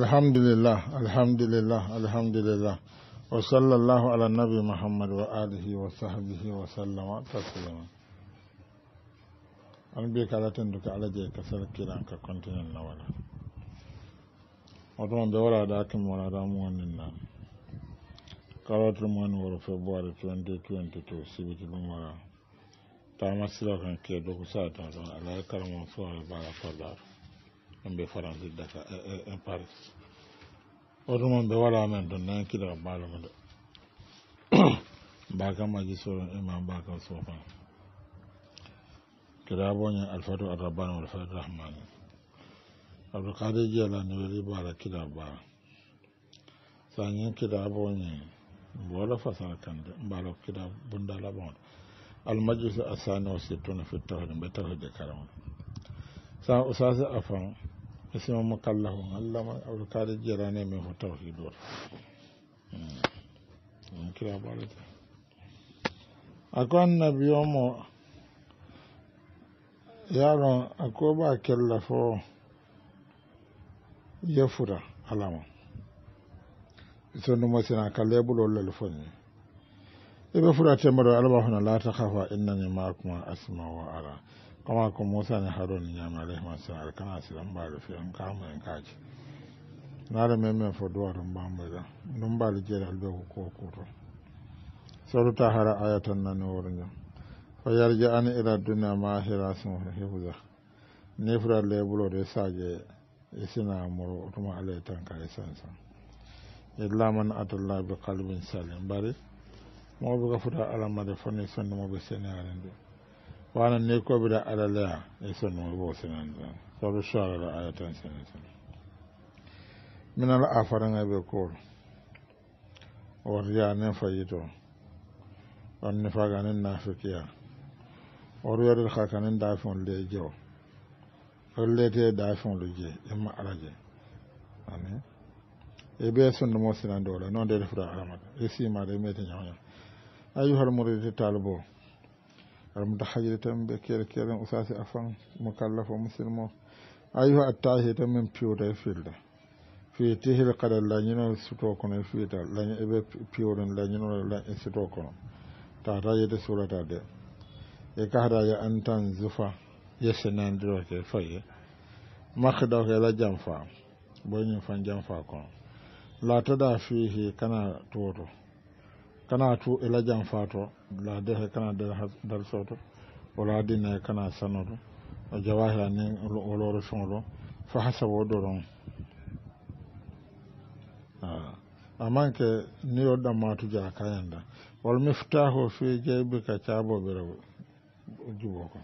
الحمد لله الحمد لله الحمد لله وصلى الله على النبي محمد وآله وصحبه وسلم تسليما أنا بيك على تندك على جاي كسر كيران كونتين النوالا وطبعا دورا داكم ولا دامون النام كالوت رموان ورو فبوار 2022 سيبت بمورا تامسلو كان كيدو ساتا على كرم وفوار بارا فردارو en ɓe faransi daka en paris oto mon ɓe waɗa men ton nan kiɗa baalo mo ɗo mbaka maji soron rahmani fasara ismu mukallafun allama alkali jira ne mai hotar hido hmm. kira balita akwai annabi yomo yaron akwai ba kyallafo ya fura alama ita numa sina kalle bulo lalfon ne ibe ta kafa inna ne ma kuma asma wa ara kama ko musa ne harun ñama masu sal kana silan mbaɗo fe en kama na da memen men don ba mu da don ɗum mbaɗo da ɓe ko sauru ta hara aya tan nani woro jam fo yarja an ila duniya ma hira sum hifda da ya saje e sina moro muru kuma alaitan ka e sansan illa man atallah bi qalbin salim mbari moɓe da fota alamade foni sonnumoɓe seniyaren ɗum wana ne ko bi da alalaya e sanu bo sanan da sabu shara da ayatan sanan sanan min al afaran e be ko or ya ne fayito on ne faga ne nafikiya or yo da khaka ne da fon le jo or le te da fon le je e ma alaje amen e be sunu mo sanan do la non de fura alamat e sima de mete nyaanya ayuhal murid talibo almuta hajiri tan ɓe kere keren usasi afan mukallafo musilmo ayuha attahi tan min piwda e filde fiitihil kada lañino suto kono e fiita lañ eɓe piwrin lañino lañ suto kono tata yede surata de e kahata yo an tan zufa yesinandiroke faye makidoke la jamfa fa boyñin fan jam fa kono latada fihi kana toto kana tu ela jam faato la dehe kana de dal soto wala dine kana sanoto jawahira ni woloro soŋolo fo hasabo doroŋ aman ke niyo damatu ja kayanda wala miftaho fi jeybe ka caabo bira jubo ko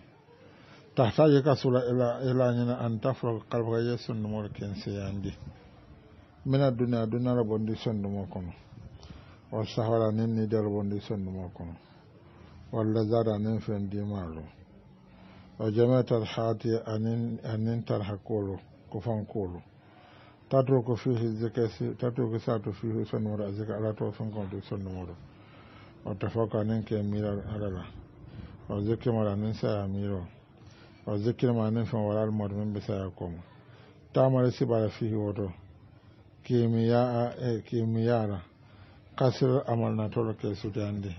tahtaje ka sula ela ñina an tafro kalfaka ye sondumoro ken siyandi mina duniya duniya la bondi sondumo kono o sahara nin ni darbondi sonnuma kono walla zara nin fendimaalo o jame tarhati anin tarha koolo ko fankoolo tatoko fihi zikasi tatoko sato fihi sonnumoɗo a zika ala to sonkonto sonnumoɗo o tafako anin ke miral alala o zikkimaɗa anin saya miro o zikkirma anin fen wala almoɗo min ɓe saya komo tamare sibara fihi woto kimiyara kasir amalna toro ke sutande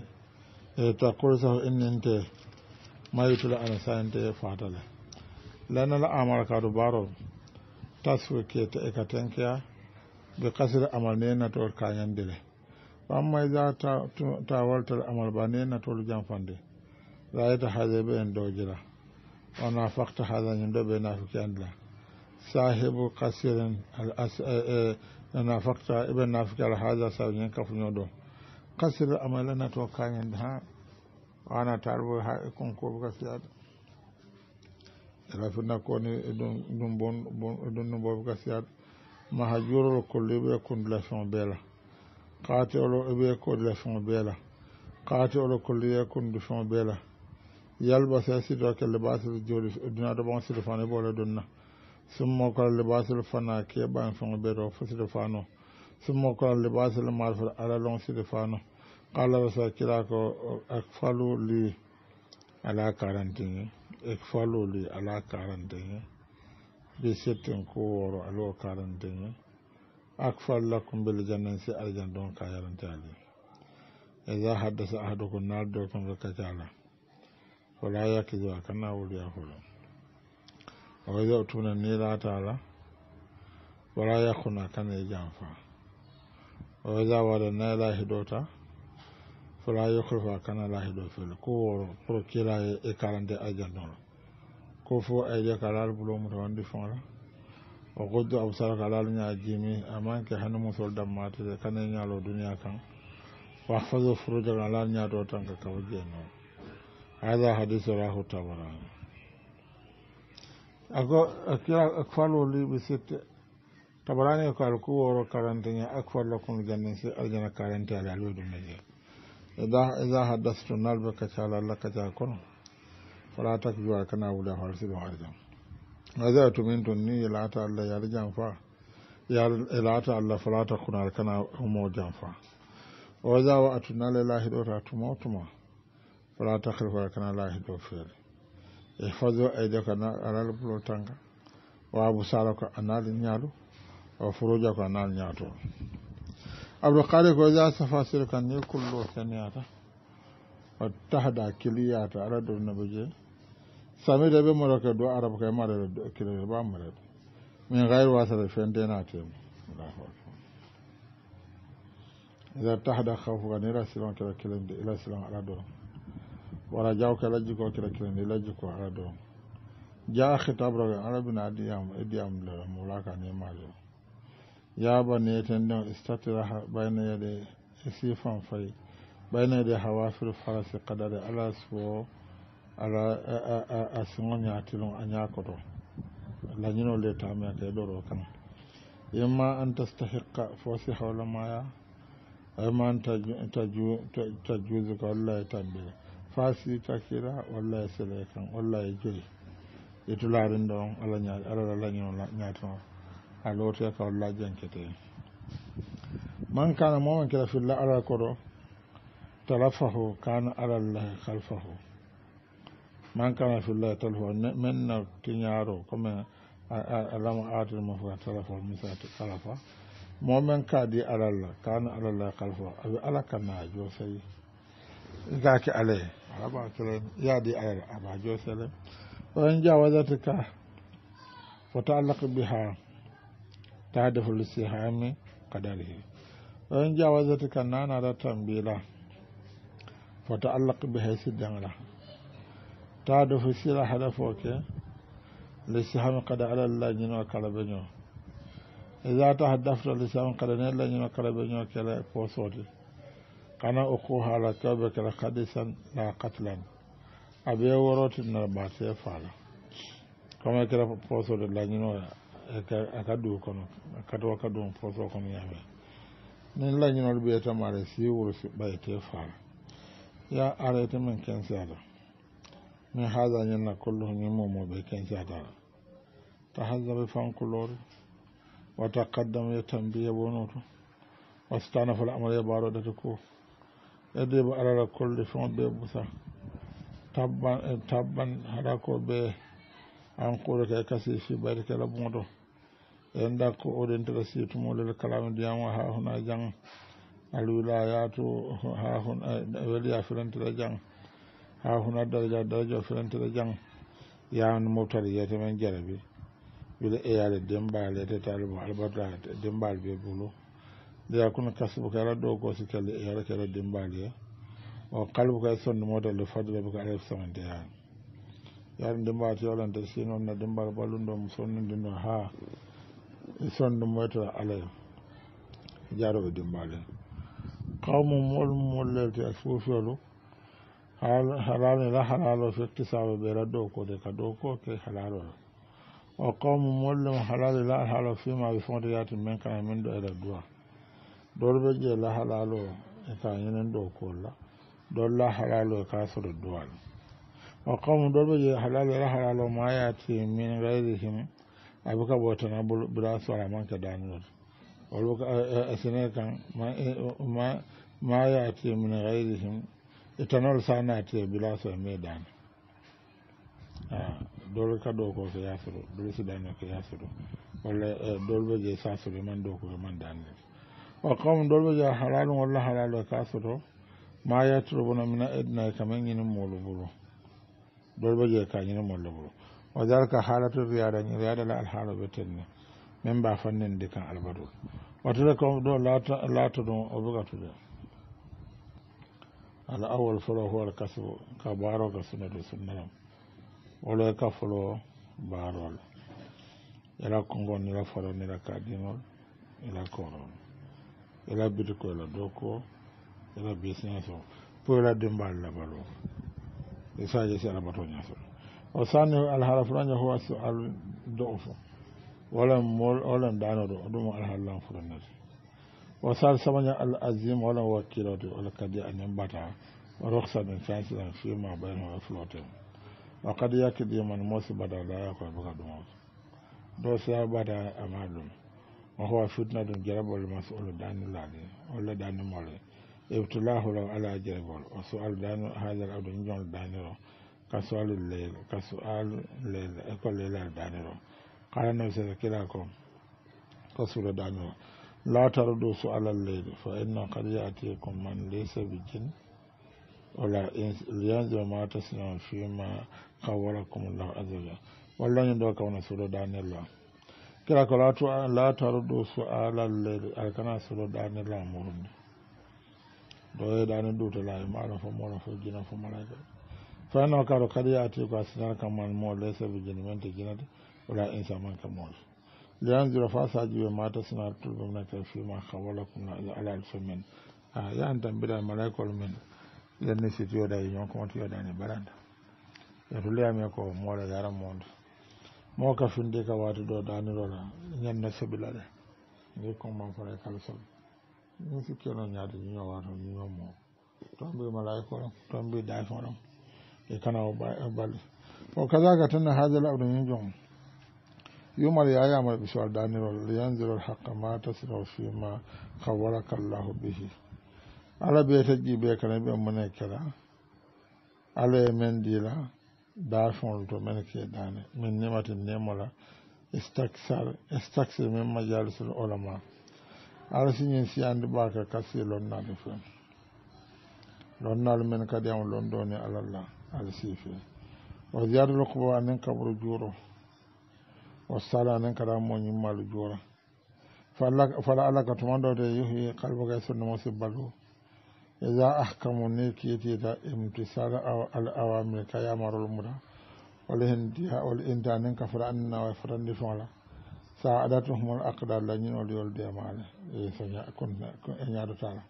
e ta kursa inninte mayitula ala sante fatala lanala amara kadu baro taswe kete ekatenkia be kasir amal nena tor kanyandile amma za ta ta waltar amal ba nena tor jamfande rayata e hazebe en dojira wana fakta hazan ndo be na fikandla sahibu kasirin al nafakta ibe haza sau yin kafin yodo kasir amalana to kayan da ana tarbo ha e konkoɓe ka idun rafirna koni ɗum ɗum ma ka siyaɗa maha jurol kollo ɓe lafin bela kati olo ibe ɓe lafin bela kati olo kollo ye lafin bela yalba sai sa sidoke lebasel jooɗi dunaɗo ɓon silfane ne bole dunna summo kola libasul fana keɓan feŋo ɓeeto fo sidi fano summo kola libasul marfat ala lon sidi fano qala rasa kira ko akfalu li ala karanteŋe akfalu li ala karanteŋe li settin ko woro alao karanteŋe akfal la bil jannan si arjan don ka yarante ali idza haddasa ahadukum nar do kan ka kala wala yakizu kana wuliya fulun waweza utuna nila atala wala yakuna kana ijanfa waweza wada nela fura ya kurfa kana la hido fil ko pro kila da ajiyar nuna ko fo e je kalal bulo mo wandi fonra o goddo absara kalal nya jimi amanke hanu mo sol dammate de kana nyalo duniya kan wa fazo furuja kalal nya do tan ka kawje no hada hadisu rahu tabarani Ago kira akfaloli ɓe sitte tabarani ko al ku woro karanteñe akfalla kum jannin si aljana karante ala aliwe ɗum neje ida haddastu nalɓe kacala allah kaca kono fala tak jowa kana wuda hol siɗo arjam wasa tumin tun ni yelata allah ya jam fa yelata allah fala ta takunar kana umo jam fa wasa wa atunale lahiɗo ta tumo tuma fala takhrifa kana lahiɗo fere. ihfadu na alal pulo tanga wa abu busaraka anali ñaalu wa furujaka anali ñaato abdoulkari ko ja safasir kan ne kullo seneyata o tahda kiliyata ala dow nabi je samide ɓe morake do kai mara marere kilere ba marede min gayr wasata fen denatemo allahu akbar ida tahda kawfuka ni rasilon kela kilende ila silon ala dorom wara jawka lajji ko kira kira ndi lajji ko ala doon jaa hitabrawe alabina adiyam e diyam lera mulaka nemaajo yaaba niyeten ndeo istatira bayna yede e sifan fay bayna yede hawasiru farasi kadare ala suwo ala a siŋo ñaatilon a ñaakoto lañinol le taamea ka doro kan imma an tastahiqa foosi hawlamaya ayma an tajuusi ko allah e tambire fasi takira walla e sele kan walla e joyi e dularinɗo on allah ñaaɗi alaala lañi o ñaati on a looti ka walla jankete en man kana momen kira filla alal koɗo talafahu kana alal lahi kalfahu man kana fillahi talafahu min no tiñaaro comme alama aatir mo foka talafahu misati kalafa momen kaadi alalla kana alal lahi kalfahu awi ala kanaajo sayi gaaki alee araba kelen yaadi ayre aba jo sele wain jawadatika fotaalak biha tahdifu lisihami kadarihi wain jawadatika tambila biha hada foke kele kana ukuha la tabakira hadisan la katlan aɓe worotinna base faala comme kira posode lañinoya aka ɗu kono katowa ka ɗum poso kono yaɓe min lañinol ɓiyetamare si wuro si ɓayte e faala ya arrêté min kensiyata min haala ñinna kolluho ñin mumoɓe kensiyatala tahaddabe fankulore wa taqaddam ye tambiya bonoto wastana fala amara ye ɓaroɗata ko edebo alala kolde feŋo be busa tabban tabban hara ko be ankoro ke kasi fi bari kala buŋoto en da ko oɗen tata situmolel kalami diyamo ha huna jaŋ alwilayatu ha a weliya firantira jaŋ ha huna daraja daraja firantira jaŋ yahan moftar yiyete men jarabi wila eyale dembal yete talibo albatrat dembal be bulu ليكون كسبك ردو كوسك لإيارك رد da وقلبك يسون مودا لفضل sama da ya ya yaran ba ta yawan da shi non na bar balun da musonin din ha son dum wata alai jaro dimba kawo qawmu mul le ta asfufulu hal halal la halal fi iktisab bi rado ko de kado ko ke halal wa qawmu mul halal la halal fi ma bi men kana min do da duwa dol ɓe je lahalalo e ka ñinen dokola kolla dol kasu e kasoro duwal wa qawmu dol ɓe je halalo lahalalo ma yati min gayrihim aɓe ka ɓotana bira sora ka danirot wol sine kan ma e, yati min gayrihim itanol sa nati e bila so e meɗani dole ka ɗo ko so yasoro dole ya suru wala e, dole dolɓe je sa man ɗo ko man danirot wakkamu ɗolɓe jaa halalu walla halalu e kasoto ma yettoɗo bono mina edna e kamen ñini muolo bolo ɗolɓe jee ka ñini molle bolo wa dalika haalato riyaɗa ñi riyaɗa la alhaala ɓe tenne min mba fannende kan albadu wattude kam ɗo laato ɗum o ɓegatude al awal folo howal kasbo ka baaro ka sunnatu sunnatam wolo e ka folo baarol ila ko ngon ila foro nila kadinol ila korol ila biti ko la dɔ ko ila business o pour ila denbal labalo e saje si alabato ñasol o sanni alhaala fulaño howa sual do fo walan mol walan danoɗo ɗum alhaallan furannati o sal samaña al asim walan wakkilote wala kadi anen bata rohsanen sansilan fima ɓayno e flotem wa kadi yakkiɗiman mosi bada la yakoye baka ɗumoto do sa bada ama ɗum وهو فتنة جرب المسؤول دان العلي ولا دان مولي ابتلاه له على جرب وسؤال دان هذا العبد ينجون دانرو كسؤال الليل كسؤال الليل أكل ليل دانرو قال النبي صلى الله عليه وسلم كسؤال دانرو لا تردوا سؤال الليل فإن قد يأتيكم من ليس بجن ولا إنس لينزل ما تسلم فيما قولكم الله عز وجل والله يدعوك ونسول دانيال الله kira ko la tardu suala alladi alkana do dane la murni do e ɗani duuta laawi maɗa fo moɗa fo jina fo malayka fayno karo kadi ati ko asina kam man mo leysa ɓe jini men te jinade wala insa man ka le an jiro fa saji ɓe mata sina tulɓe mena ka fima hawala kumna ala al men a yan tambiɗa malaykol men lenni siti yoɗa e ñon da ne baranda ya to leyami ko moɗa yara monde mo ka da, ka wati ɗo danirola ñanna sebila ɗe ni comman fara kala sab ni sikkeno ñaade ñino da ñino mo ton mbi malaika oɗon ton mbi dafin oɗon e kana o balɗe o kadaka tanna haajal abdo min jon yumal yayamar ɓisuwal danirol liyandirol haqqa ma tasraw fima kawwaraka llahu bihi ala ɓe taƴƴi ɓe kana ɓe mone kela ala e men diila dafon to men ke dane min nematin nemola istaksar istaksar min majalisul ulama arsinyin siyandi baka kasi lonnade fen lonnal men kadi am londoni alallah alsife o ziyadu lokubo anen kaburu juuro Wa sala anen kada moñimmalu juura fala ala ka tumanɗode yuhi kalbaka e sunna mo sibbalu za a ahkamu ne ke kiyeteta imtisal al awamir ka yamarol muta wala hen diya wala intanen ka fota annanawa fotandi tola sa adatuhumol aqdar ya yolde maale e soña e ñadotala tara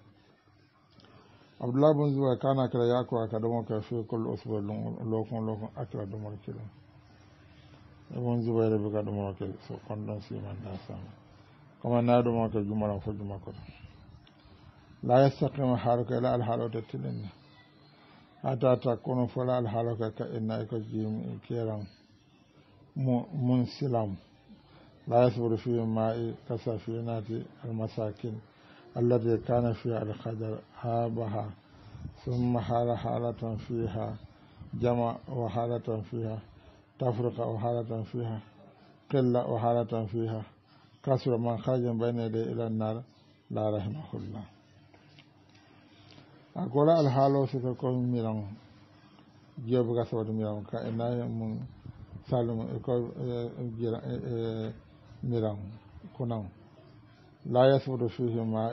abdullabin zuwa kana kira ya kuwa ka domo ka fi kullu usbu lokun lokon akira domo kilo zuwa ya rabu ka domo ka so kwandon siman da sama kuma na domo ka jumala fo la yastaqimu haaluka ila alhaalode tilinna hata takkunu fola alhaaluka ka inna ko jimi keram mun silam la yasburu fi ma'i kasafinati almasakin alladi kana fiha alhadar habaha summa hala halatan fiha jama wa halatan fiha tafruqa wa halatan fiha qilla wa halatan fiha kasra man kharaja bayna yaday la rahimahullah a gola alhaalo sika ko miran jobu ga sawadu miran ka ina mun salum ko miran kunan la ya yasbudu fihi ma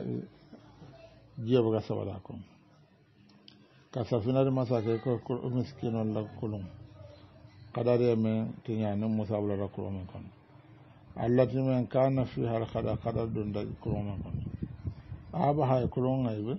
jobu ga sawada ko ka safinar masa kai ko miskinon la kulum kadare men tinyanin musabula la kulumin kono allati men kana fiha al khada khada dun da kulumin kono aba hay kulun ngaybe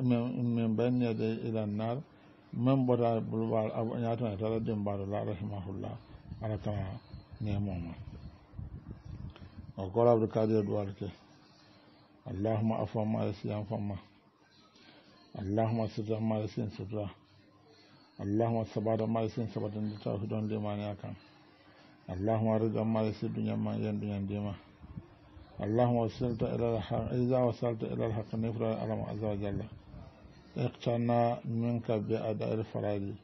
min bayan da idan nar min bada bulbar abu ya tana tare da ba da rahimahullah ana kana neman ma a kwara abu ka da duwar ke allahumma afan ma da siyan fama allahumma sutura ma da siyan sutura allahumma sabada ma da siyan sabadin da ta fi don limani dima اللهم وصلت إلى الحق إذا وصلت إلى الحق نفر العلم عز وجل اقتنى منك بأداء الفرائض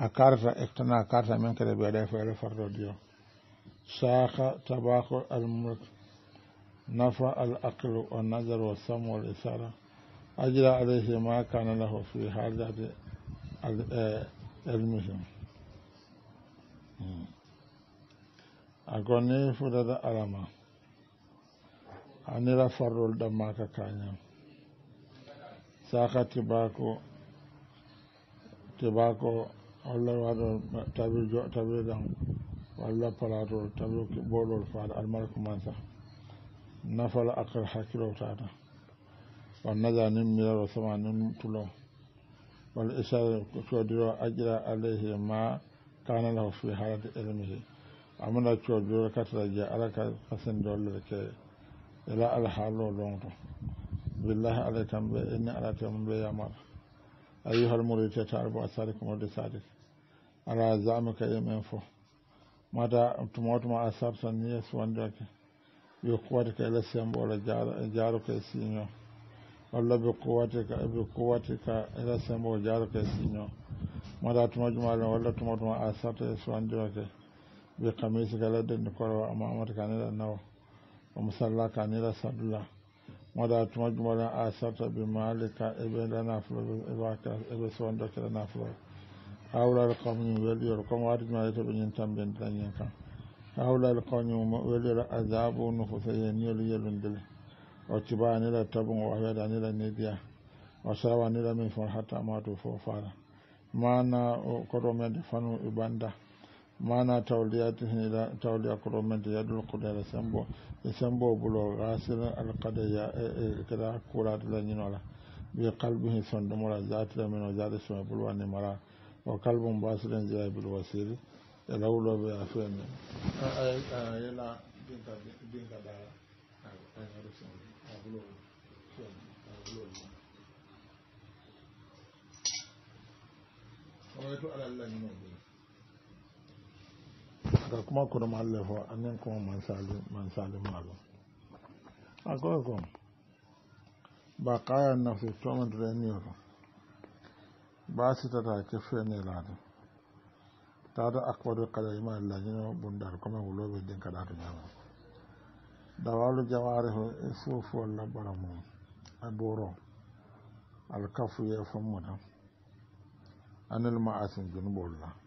أكارت اقتنى أكارت منك بأداء الفرائض ساخ تباخر الملك نفع الأقل والنظر والسم والإثارة أجرى عليه ما كان له في هذا المهم أقول نفر ألمه anira da maka kanya saka tibako tibako walla waɗo tabi jo wala palato tabi ki bolol boɗol al almalku mansa nafala akal hakkilo tata wannaja nazanin miraro sama samanin tulo wal isa codiro ajira alayhi ma kana lahu fi halati ilmihi amana codiro katara je ala kasan dollar ke. ila alhaalo lonto billahi alay tan ɓe inni ala temum ɓe yamara ayuhal murite taribo asarikum ode sadik ala zamika yemen fo mata tumotuma a sartan ni yesu wandeke ɓe kuwateka ila sembola jaruka e siño walla ɓe kuwateka ɓe kuwatika ila sembo jaruka e siño mata tumajumale walla tumatuma a sarta e suwandiwake ɓe kamisika ladde ndi korowa amamata kanila nawa ومسلاك عن إلى سبلا ولا تمجم ولا آسرت بمالك إبن لنا فلو إباك إبن سوان دوك لنا فلو أولا القوم ولي القوم وارد ما يتبين ينتم بنتان ينتم أولا القوم ولي الأذاب ونفوس ينيل يلندل وتبان إلى تبن وعيد عن إلى نديا وشرب عن إلى من فرحة ما تفوفارا ما أنا قدوم يدفنوا إبانده mana tawliyatihin ila tawliya kuromenti yadul kudere sembo e, e bulo gasila alkada ya da kada kuratila ñinola bi da sondumura zatila min o zade sume bulwa nimara o kalbum basilen jeya bil wasiri e lawloɓe a feni yela da binka dara a bulo a bulo o wetu alallañinoɓe ga kuma kurum allafa annan kuma man salin malu akwai kuma ba kaya na fi tomin renewal ba su ta take fene ladu ta da akwado kada yi mai lajina bundar kuma gulobe din kada ta jama da walu jama'ar isufuwar e labaramu a e boro alkafu ya fi mudan anil ma'asin junubulla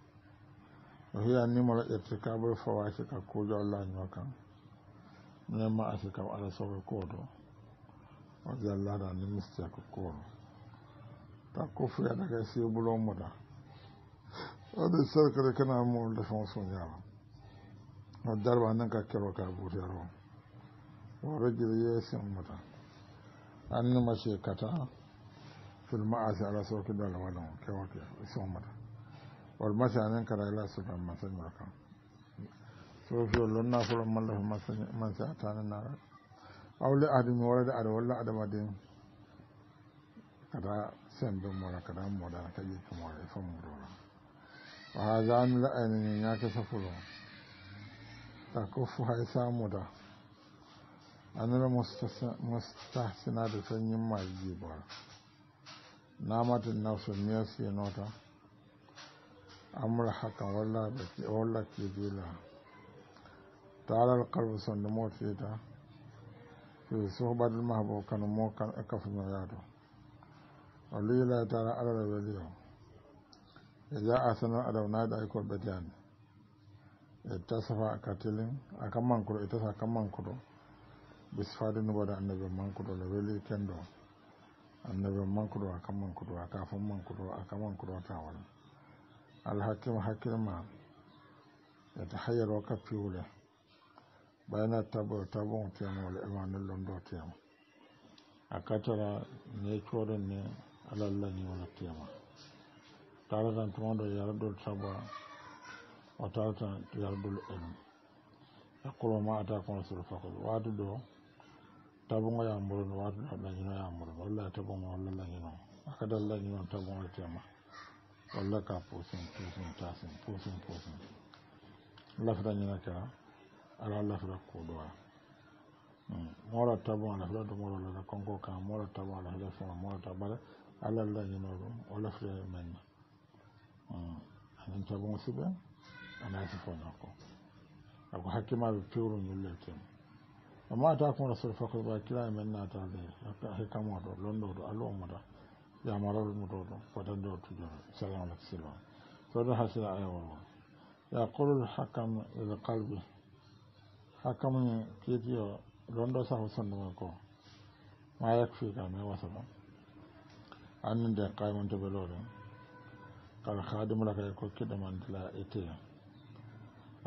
hiya nimoro fawa shi ka kujo allah ma kan shi asi da ala kodo wajen o jallada ni ka kono ta ya daga sibulo muda ode da kana mol wasu soñama o darba nan ka kero ka ya o rejil yeesin an nima shekata filma a shi ala soki dole waɗon kewoke sommata wal masanin karayala su kan masan yaka sofi wallon na furan mallafin masan a tanin na rai aule adini wala da ada wala adama din kada sen don mora kada mu da ka yi kuma ya san mu dora wa hada an la ainin ya ka sa furo ta ko fu hay sa mu da an la mustahsina da sanyin ma ji ba na matin na su ne su yi nota amra hakan walla kibila talar kalbusan da mawafi da fi sohbar mahabokan mokan akafin yado walila tara alar waliyo ya ja a sanar a dauna da aikon badiyan ya ta safa a katilin a kan mankuro ita sa kan mankuro bisu fadin nuba da annabin mankuro da wili kendo annabin mankuro a kan mankuro a kafin mankuro a kan mankuro ta wani alhakim hakilma e to hayero ka piwle ɓayna tabo tabon tiyam walla emanellon do tiyam a katara ne kyorin ne alallani tare da taratan da yardol taba o taratan yardol a kuma ma ata da sur fakol watu ɗo tabogo yamuron watu ɗo lañino yamuron walla tabogo walla lañino akadal tabon tabogo tiyama wala ka posin posin tasin posin posin lafira ñina ka ala lafira kuɗoa mora tabo alafira dumoro lala konko ka mora tabo alafira fima mora tabale ala la ñino ɗum o lafira menna anin tabon siɓe anasi foñako ako hakima hakkimaɓe pewru ñulle tem amma ta kon rasul fakol ba kila men na ta e men natade hikkamoɗo londoɗo alu omoda yamarar mudodo fatan do tujon salam alak silwa todo hasila aya wala yaqulu hakam ila qalbi hakam ni kitiyo londo sa hosan ko ma yakfi ka me wasaba annin da qayman to belore kal khadim laka ko kidaman la ite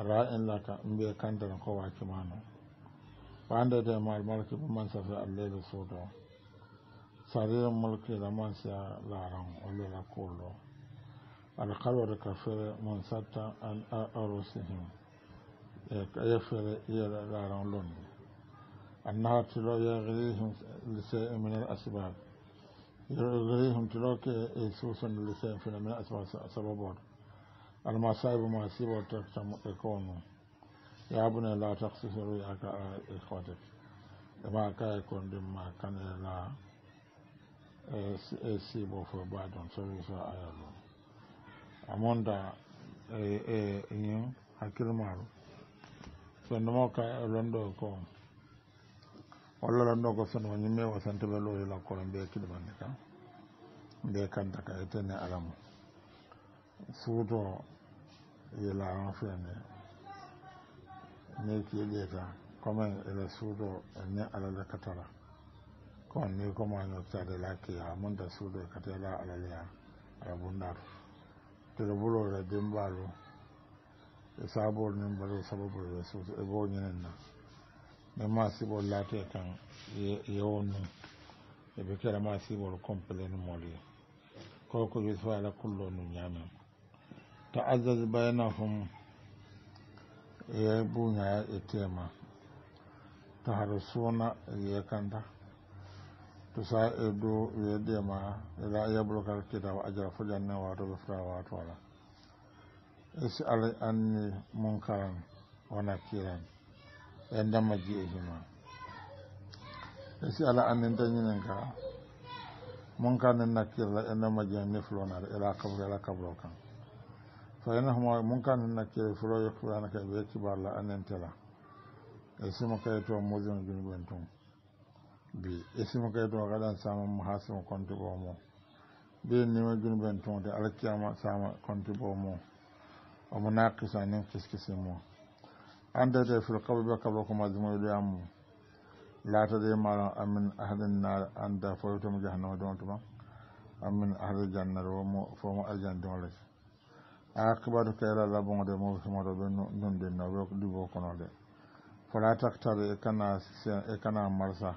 ra'in laka mbe kandana ko wa kimano wanda da mal malki man safa allayl sodo Sariya mulki da man siya laran wani da kolo alkawar kafe mun sata an arusihim ya fere iya laran loni annaha tilo ya gilihim lise min asbab يغريهم تلوك يسوس اللسان في من أسباب سببات المصائب ما سيبوا تكتم يكون يا ابني لا تقصص رؤياك على إخوتك ما كان يكون دم ما كان لا SC for Badon, sorry, so Ireland. Amonda in Akilmaru. So Wala Rondo ko son wani me wasanta ta lo la ko be kidman ka. Be kan ta ka etene alamu. Fudo yela an fene. Ne ki leta comme ele sudo ne ala katara. kon ni komano sade laki ha munda suudo katela alaliya ala bundaru da bulore dimbalu e sabol nin mbaɗo sababol yesus e bo ñinen na mais ma siɓol laate kan yewonni eɓe kera ma siɓol complain moli koye ko Ta ala kullo nu ñamen taazaz baynahum ye buña e tema taharusuna ye kanta tusaidu yedema ila yablukal kitabu ajra na wato bifra wato is ala anni munkaran wa nakiran yanda is ala anni tanyinka munkaran nakir la yanda ne niflona ila kabra ila kabra kan fa yanahuma munkaran nakir fulo yakfurana ka be kibar la anantala ismu kayto muzun junubantun bi isimu kay to gaɗan sama mo ha sama kontu ɓo mo ɓe nima junuben tonde alkiyama sama kontu ɓo mo omo naqisa nin kiskisi mo da fil ba kaɓe ɓe kaɓa ko majmuɗo ammo laatade maɗon amin ahadin naare anda mu jahannama ɗon tuma amin ahadin jannar wa ahade jannare womo fomo aljandiolete a kibaru kayra labonde moftumoɗo ɓe nundinno ɓe ɗibo konode fota taktare e kana e kana marsa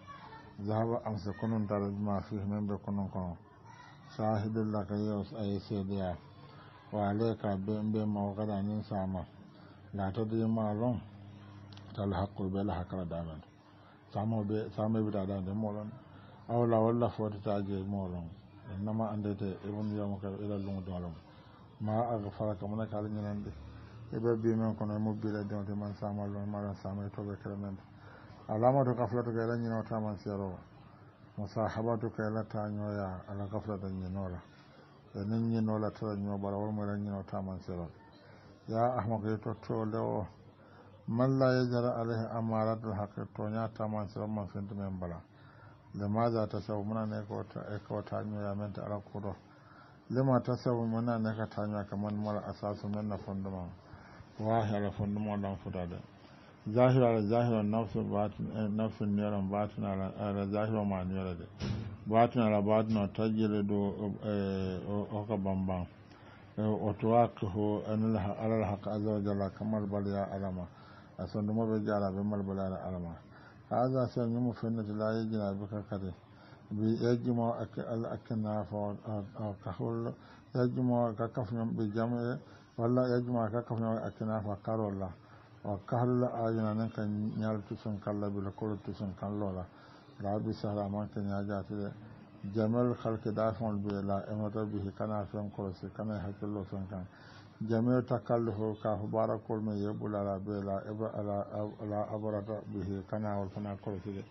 zahaba amsa kunun tare ma fi min be kunun kono shahidul laka yau ay sediya wa alayka be be mawqada nin sama la to di ma lon tal haqqu be la hakra daman samo be samo be da da molon awla walla fota taje molon nama andete ibn yawmaka ila lungu dolom ma aghfaraka munaka al nyande e be bi men kono mo bi la donte man sama lon mara sama to be kremende alamatu kaflatuka ila ñino taman seerowa musahabatuka ila tañoya ala kaflata ñinola enin ñinola tara ñobala wolmo ila ñino taman seerola ya ahmako ye tottole o man la yajara alayhi amaratul haqi toña taman seero man fintu men bala limaja tasawu munane e ko tañoya men ta ala kuɗo lima tasawu munane ka ta ka man mala asasu men na fondement wahi ala fondement ɗan futade zahira da zahiro nafsu neran batin ala eh, zahiro ma nira da batin ala batin eh, o tajjiri do oka bambam eh, o tuwakihu alal haka azza jala jalla kamar baliya alama a sonduma ɓe jara ɓe mal baliya alama haga so ñumo fennete la yejjina be kakade mbi yejjumo al akkinna fo kahol yejjumo ka kafñom ɓe jam e walla yejjumo ka kafñom akkina fo karola wa kahlula ayina nen ka ñal tusun kalla bila kolo tusun kallola rabi sahla man ke ñajatide jamal khalq da fon bi la emata bi kana fen korosi kana hakkillo sun kan jamal jamel ho ka fo bara kolme la biye la eba ala ala abarata bi kana wal fana koroside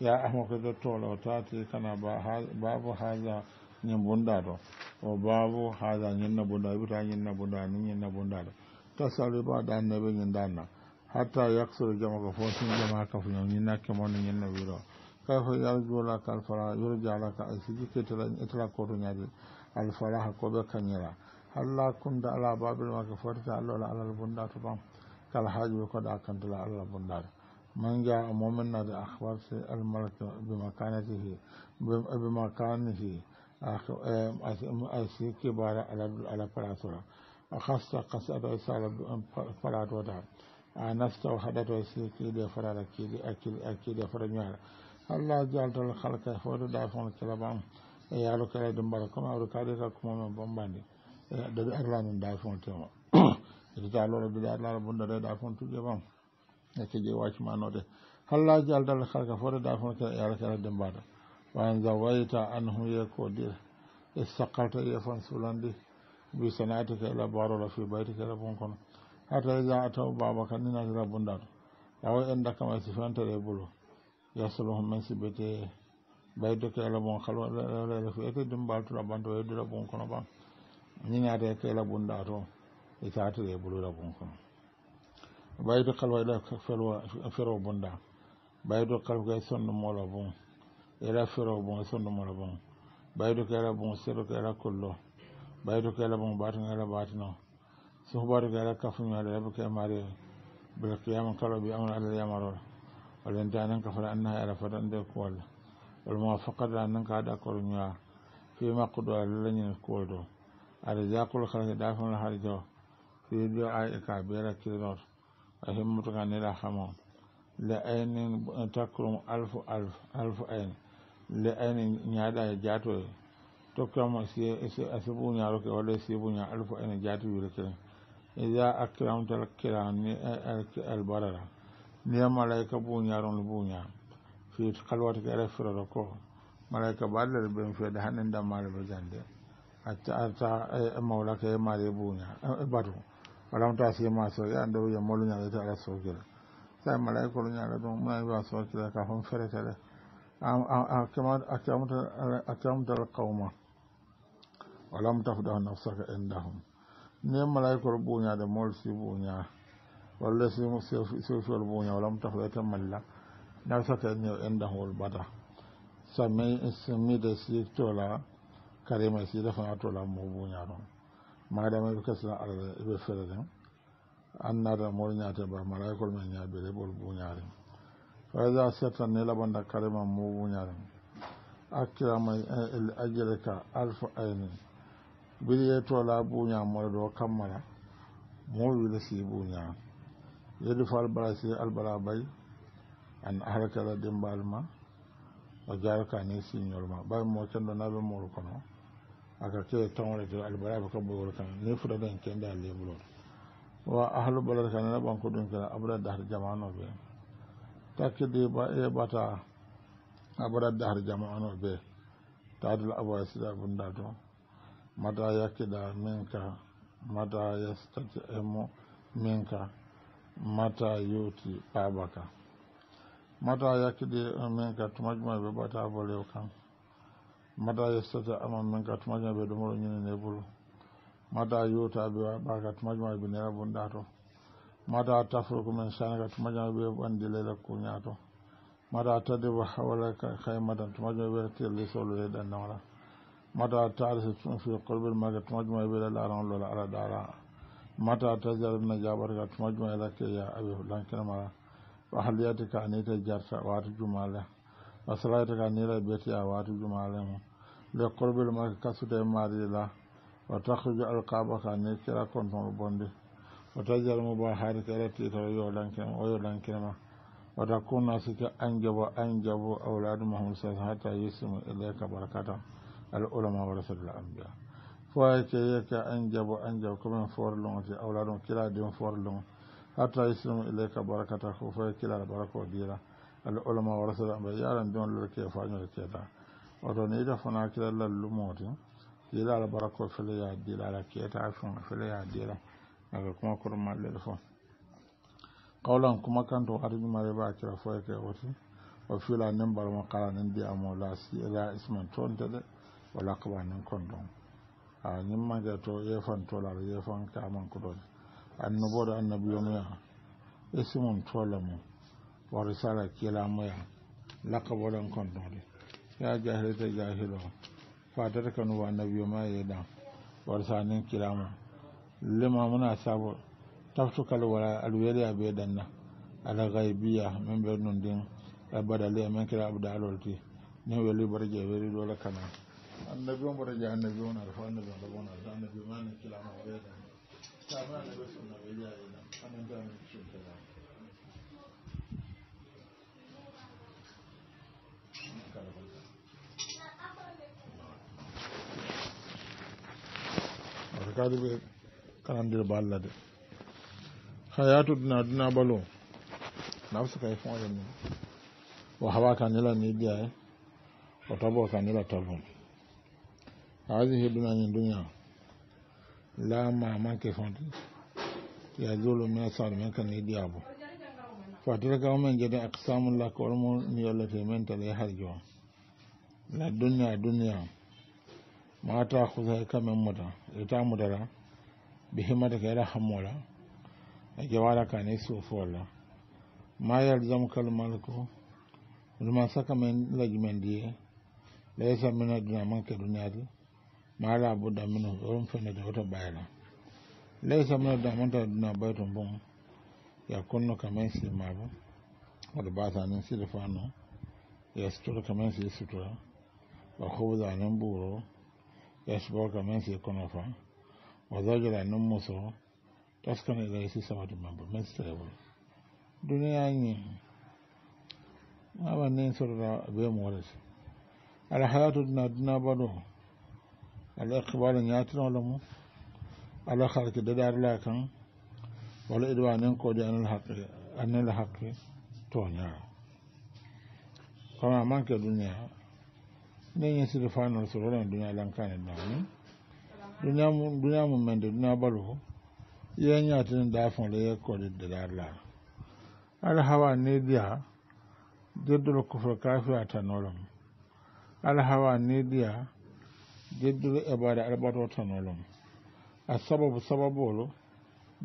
ya ahmo ko to lo taati kana ba babu haga ñin bundaɗo o babu haga ñinna bundaɗo wita ñinna bundaɗo ni ñinna bundaɗo ba da annabi ñin danna hatta ya yaksuru jama'a fo sin jama ka fo ñoom ñinna kemoni ñinna wiro kay fo yarjula ka alfala yurjala ka asiji ketela itala koto ñaadi alfalaha ko ɓe kañira halla kunda ala babil maka fotita allola alal bunda to ɓam ko da koɗa tula allah bundade man ga a na da akhbar sai almalaka bi makanatihi bi makanihi a shi ke bara ala sura خاصة قصة سالة فراد ودا نفسه وحدت يسيكي دي فراد أكيد أكيد أكيد فراد نهار الله جعلت الخلق فور دافون كلام يا لو كلا دمباركم أو كلا دكم من بمباني دد أرلان دافون تما رجالو ربي الله ربنا رد دافون تجيبهم جي واش ما نوده الله جعلت الخلق فور دافون كلا يا لو كلا دمبارك وأن زويت أنه يكودير استقلت يفن سولندي Bisan aya ta ka yi labaru da shi, bai ka yi labaru da shi Hata yin ta baba, kan yi a ta kai ka bunda ka yi waɗanda kama su Ya sallu mun si bi ka yi labaru da shi, ka kai ka yi labaru da shi, ka yi ta kai ka yi labaru da ka yi a da shi, ka ta ta da shi, ka kai ka yi labaru da ka hana ka da shi, ka hana ka yi a ta kai ka yi labaru da shi, ka hana ka yi a ta ka yi labaru baydo ko yalaba mo batano yala batano suhbato ko yala kafumi ala kai ko emare bela qiyama kala ɓe amna allah yamarora walla danen ka fala annaha ala fada ande kuwalla walla ma fakkada nan ka haɗa koro ñowa fi makkuɗo ala lañin kuwol do aɗa jakolo kala ke ɗafamla haɗa jawa fi do ay ka bela kilonoto a himmuto ka nela hamo le aynin takkurum alfu alf alfu ayni le ayni ya e jaatoye ese si buñaro ke walla si buña alfo ene jaati wiire iza akram tal kiran ni al barara ni malaika buñaron lo buña fi kalwata ke ala ben fi da baallere da mal hannen dammare atta jande ata mawla ke maade buña batu wala walamta ma so ya ndo ya ande wiya moluñalete ala sokira sa malayka lo ñala ɗum muna wiwa sokira ka hon fere a kamar feretere akramtal qawma walam tafdahu nafsaka indahum nden malaikol buuñade mool si buuña walla sofol buuña walam tafda temalla nafsaka indahum bata sammide si tola karima si defana tola mo buuña ɗon madama ɓe kasina alala eɓe fere ɗen annada mool ñaate ba malaikol men ñaɓere ɓol buuñare fa ida setta ni laɓanda karima mo buuñaren akkirama eh, eh, ajireka alfa aynin biriye tola buña moɗo kammala mo wila si buña yedi fo albara si albara bay an harkala dimbal ma o jarka ni signol ma ɓay mo kenɗo naɓe moro kono aka ke tawrete albara ɓe kabogol kan ni fuɗa ɗen kende a lemulol wa ahlu balad kan ne ɓan ko ɗum kene abuda dahar jamanoɓe takkidi ba e ɓata abuda dahar jamanoɓe tadul abo sida bunda to mada yake minka mada ya stati emo minka mata yuti babaka mada yake da minka tumajuma bai bata bole kan mada ya emo minka tumajuma bai dumuru ne ne bulu mada yota bai baka tumajuma bai ne rabun dato mada ta furu kuma shani ka tumajima bai bandi lele kunya to mada ta hawa hawala kai madan tumajima bai tilisa lele dan nawala mata tarihi tun fi kulbin maka tuma juma ibi da laran lola ala dara mata ta jar na gabar ga tuma juma ya zaka ya abi hulan kirmara wa haliya ta ka ne ta jar a wata juma la wa salaya ta ka ne ta biya ta wata juma mu da kulbin maka kasu da yamma da la ta kuji alkaba ka ne kira kwanton bonde wa ta jar mu ba har ta yi ta yi yi ta yi al'ulama wa rasulul anbiya fo yake yake an jabo an jabo kuma forlon fi auladon kila din forlon hatta yuslimu ilayka barakata ko fo kila da barako dira al'ulama wa rasulul anbiya yaran don lor ke fanyo da ke da wato ne da fana kila lallu moti kila da barako fili ya dira da ke ta afin la ya dira daga kuma kurma lelfon kaulan kuma kan kanto arbi mare ba kira fo yake wato wa fila nin barma kala nin di amola si ila isman tonta de wala ka banin kondon a ah, nyin ma ga to ye fan to la ye fan ka man ko don annubo da annabiyo mu ya isimun tola mu wa risala kila mu ya lakabo don kondon de ya jahilta jahilo fatar kanu wa annabiyo ma ya da warsanin kila mu lima muna sabo taftukal wala alwariya be danna ala ghaibiya min be nun din abada le men kira abda ne weli barje weli dole kana annabi on mboɗo jeeya annabi on aɗa fo annabi on ɗoɓon aɗa annabi mane kilama o ɓeyɗa tama annabi sunna ɓe jeyina anan ta annabi suntala kala kolla oto kaadi ɓe kanandira balla de hayatu duna duna balo nafsu kay foñe mum o hawata nila ni biya e o tabo ka nila tabon هذه الدنيا من الدنيا لا ما ما كفنت يا زول من صار من كان يديابو فتلك من جد أقسام الله كرم في من تلي هرجوا لا دنيا دنيا ما تأخذها كم مدة يتام مدة بهمتك إلى حمولا جوارك كان يسوف ولا ما يلزمك الملك لما سكن من لجمن دي ليس من الدنيا من كدنيا دي ma la budda minhu wurin fene da wata bayana laisa min da ta duna baitun bun ya kunnu kaman shi mabu wadda ba sa nan shi da fano ya sutura kamar shi sutura ko khubza nan buro ya shigo kaman shi fa wa zajira nan musu ne da shi sama da mabu min ba. duniya ne ma ba nan surra be mu wala alhayatu duna duna bado ala ikbala ñatino lemu ala da dadarla kan wala idwanen kode anil haqe anil haqe toñaa kama manque duniya su rufa na su rurin duniya lankane dani duniya mum duniya mum mende duniya da ye da ya le da kode dadarla ala hawa ni diya jeddol kufre a tanolom ala hawa ne diya diddulu e ɓaade aɗa ɓato tanolom a sababu sababolo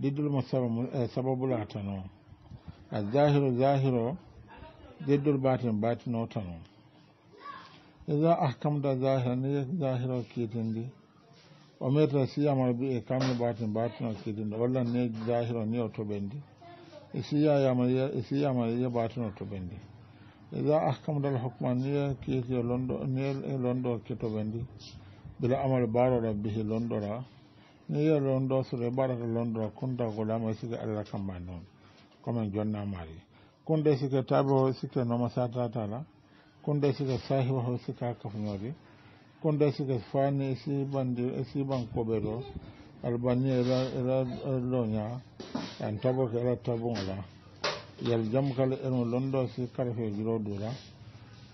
diddulu mo eh, sababula tano a zahiro zahiro diddul batin batino tano ida ahkamta zahira ni yek zahiro kiitindi o mirta siyamal bi e kamne batin batino kiitindi walla ni zahiro ni o toɓendi e siyama ye batino toɓendi ida ahkamta al hukma ni ye kiiti e londo ni e londo kitoɓendi bila amal baroɗa bihi londora ni yo londo so re sore ko londoɗa ma sike allah kamba noon commin jonnamari kunde sike taabi o sike nooma satatala kunde sike sahiba ho sika kafnori kunde sike fani si si bandi sibandi sibankoɓe ɗo albani ela loña en tabo era tabo ngala yel jam kala en londo si karfe jiro dura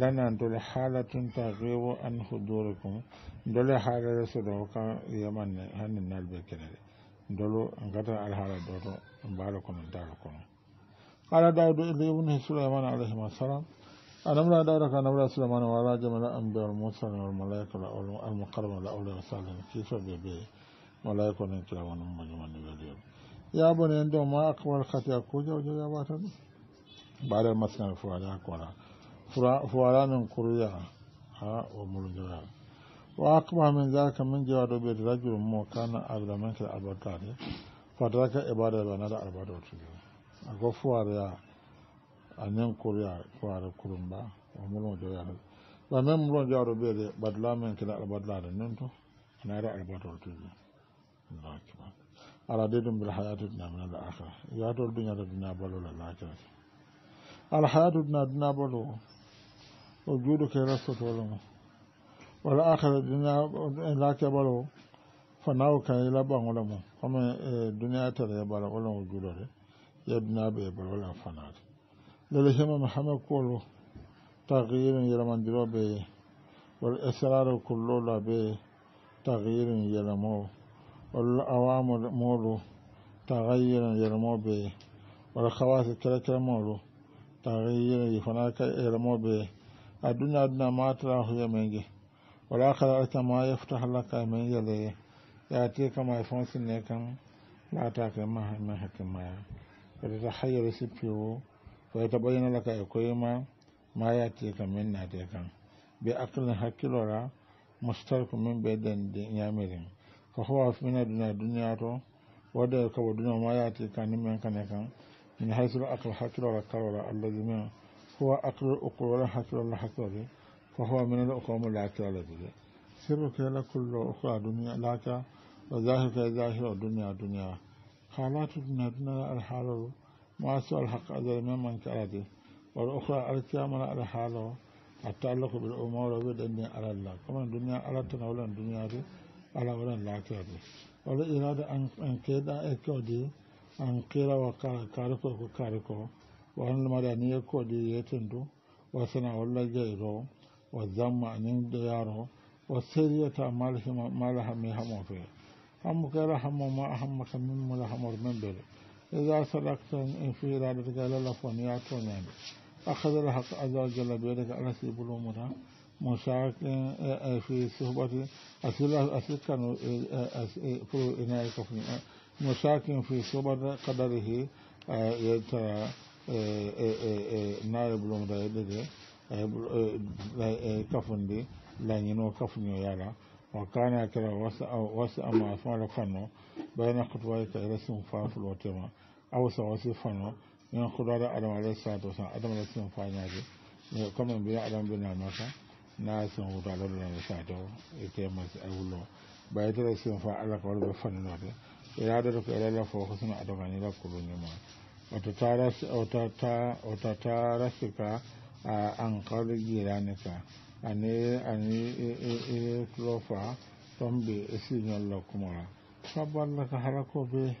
لنا دول حالة تغيب عن حضوركم دول حالة سدوكا يمن هن النال بكنالي دول انقطع الحالة دوتو باركم داركم قال داود لابن سليمان عليه السلام أنا من دارك أنا من سليمان وعلى جميع الأنبياء والمرسلين والملائكة المقربة الأولياء والصالحين كيف بيبي ملائكة نكلا ونم جمعني بليل يا بني عندما ما أقوى الخطيئة كوجة وجاء بعد المسكن الفوالي أقوى فورا من قرية ومرجوها وأقبح من ذلك من جواد بيت رجل مو كان أبدا منك الأربعتاني فدرك إبادة da أربعة أكو فورا أنين قرية فورا كرمبا ومرجوها wannan mulon da badla min kina albadla da nan to na ra albadla to ne Allah akbar bil hayati dunya min al akhirah ya to da balo balo وجودك لست ولما ولا آخر الدنيا ذاك بلو فناو كان يلبا ولما وما الدنيا ترى بلا ولا وجوده يبنى بلا ولا فنار للهم محمد كله تغيير يلمن دروبه والإسرار كله لبه تغيير يلمو والأوامر مولو تغيير يلمو به والخواص كلا كلا مولو تغيير يفناك يلمو به aduna aduna mata rahuya menge wala akhara ata ma yaftah laka min yale ya tie kama ifon sinne kan la ta ka ma ma hakima ya kada ta hayya resipi o fa ita bayyana laka e koyema ma ya tie kan min na tie kan bi akrin hakilora mustar ku min beden de nyamirin ka huwa fi min aduna duniya to wada ka wa duniya ma ya tie kan min kan ne kan min haisu akal hakilora karora allazi هو أقل الأقل ولا حصر ولا حصر فهو من الأقوام لا تعالى سرك كل أخرى دنيا لا وذاهب ظاهر دنيا دنيا خالات دنيا دنيا الحال ما سوى الحق أذر من من كرده والأخرى الكامل على حاله التعلق بالأمور بدنيا على الله كما الدنيا على تناول الدنيا دي على ولا لا تعالى ولا إرادة أن كيدا أكودي أن كيرا وكاركو كاركو wahal marani kodi yetendu wasana walla jeyro wa zamma anin deyaro wa seriyata malahami hamo fe hammuka ala hammo ma ahammaka min mula hamor men bere ida sadakta in fiiraɗo taga lala fon ya toñani أخذ الحق عز وجل بيدك على سيب الأمور مشاك في صحبة أسئلة أسئلة كانوا مشاك في صحبة قدره يترى naye bulomda e ɗeɗe e, e, e kafundi lañino kafuño yala wa kana kira wasu amma fara fano bayan kutuwa ya kai wasu fano yan kudu da adam alai sato san adam alai sun fanya ne ne kuma biya adam na sun masu bayan sun fa alaka wani bai fani na ya da rufe lalafa wasu na adam ne da wata ta rasika a an kawar giranika a ne a ne e, lofa don bai isi yalla kuma sabon na ka harako be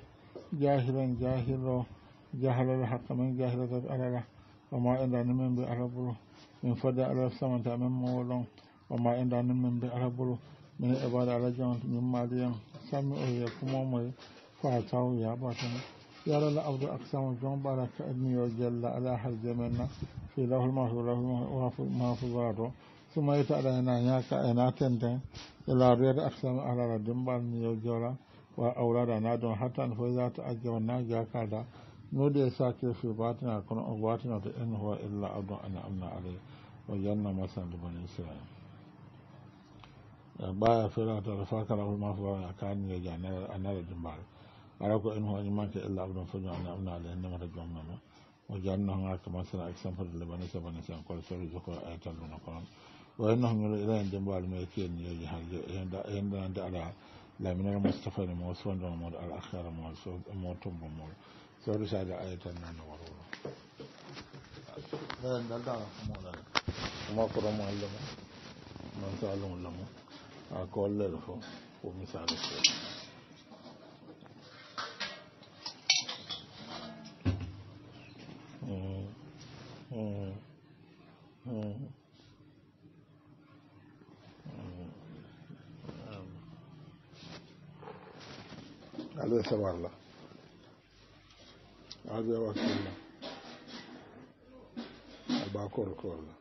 jahilan jahilo jahalar hakamin jahilar ta alala amma inda min bi araburu min fada alar saman ta min mawalon amma inda min bai araburu min ibada alajan min mariyan sami oye kuma mai fata ya batun يرى العبد أقسام جون بارك ابني وجل على حرج زمننا في له المحفوظ له المحفوظات ثم يتعالى هنا هناك هنا تنتين إلى رير أقسام على ردن بارني وجل وأولاد نادون حتى فإذا تأجونا جاك كذا نودي ساكي في باطنا كن أقواتنا إن هو إلا أبدا أن أمنا عليه وجلنا مثلا لبني إسرائيل بايا fela ترفاك له rahul mafi wa kan ya jana a nara araku en hoñi manke illa abdon fojo na amna le nema re jom na o janno nga ka masala ak sampar le bana sa bana sa ko so ko ay tallu na ko on wa en hoñi le ila en jom wal me ken yo ji hal en da en da ala la mino da ay tan na no waro na en da da mo na mo ma ko ro mo allo mo ma sa allo mo a ko le ro fo ko mi sa le alwe sabarla alwe wakkilla alba koro korla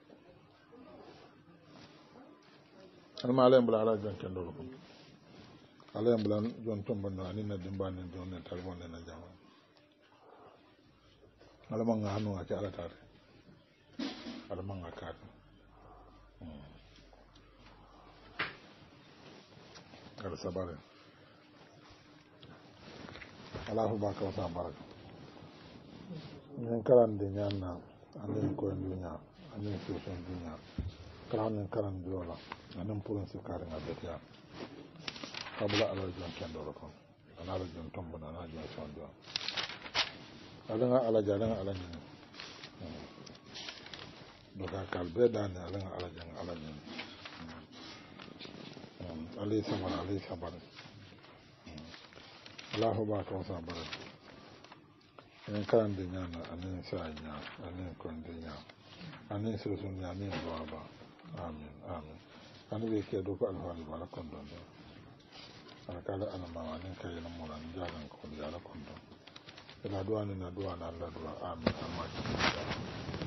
anma alayen bula ala jon kendoro kom alayen bula jon tombanno ani neddin mbannen jon nen tarbonnen na jama alama nga a ke tare. para mga وبركاته hmm. kada sabarin ya. alahu ba ka wasa barak yin karan din yan na anin koyon duniya anin sosan duniya karanin karan duniya si purin su karin abetiya kabula alajan kyan da rukun ana alajan tombo na alajan ala duniya alin alajan alin hmm. alajan daga kalbe da ne alin alajin alajin hmm, hmm, alai sabar alai sabar hmm. Allahu ba ka wasa bara in kan da nyana anin sa nya anin kon da nya anin so so nya anin ba ba amin amin an be ke do ko alhali bara kon don alkala ana ma anin kai na mura ni jalan ko jalan kon don ina duwa ni na duwa na Allah duwa amin amin.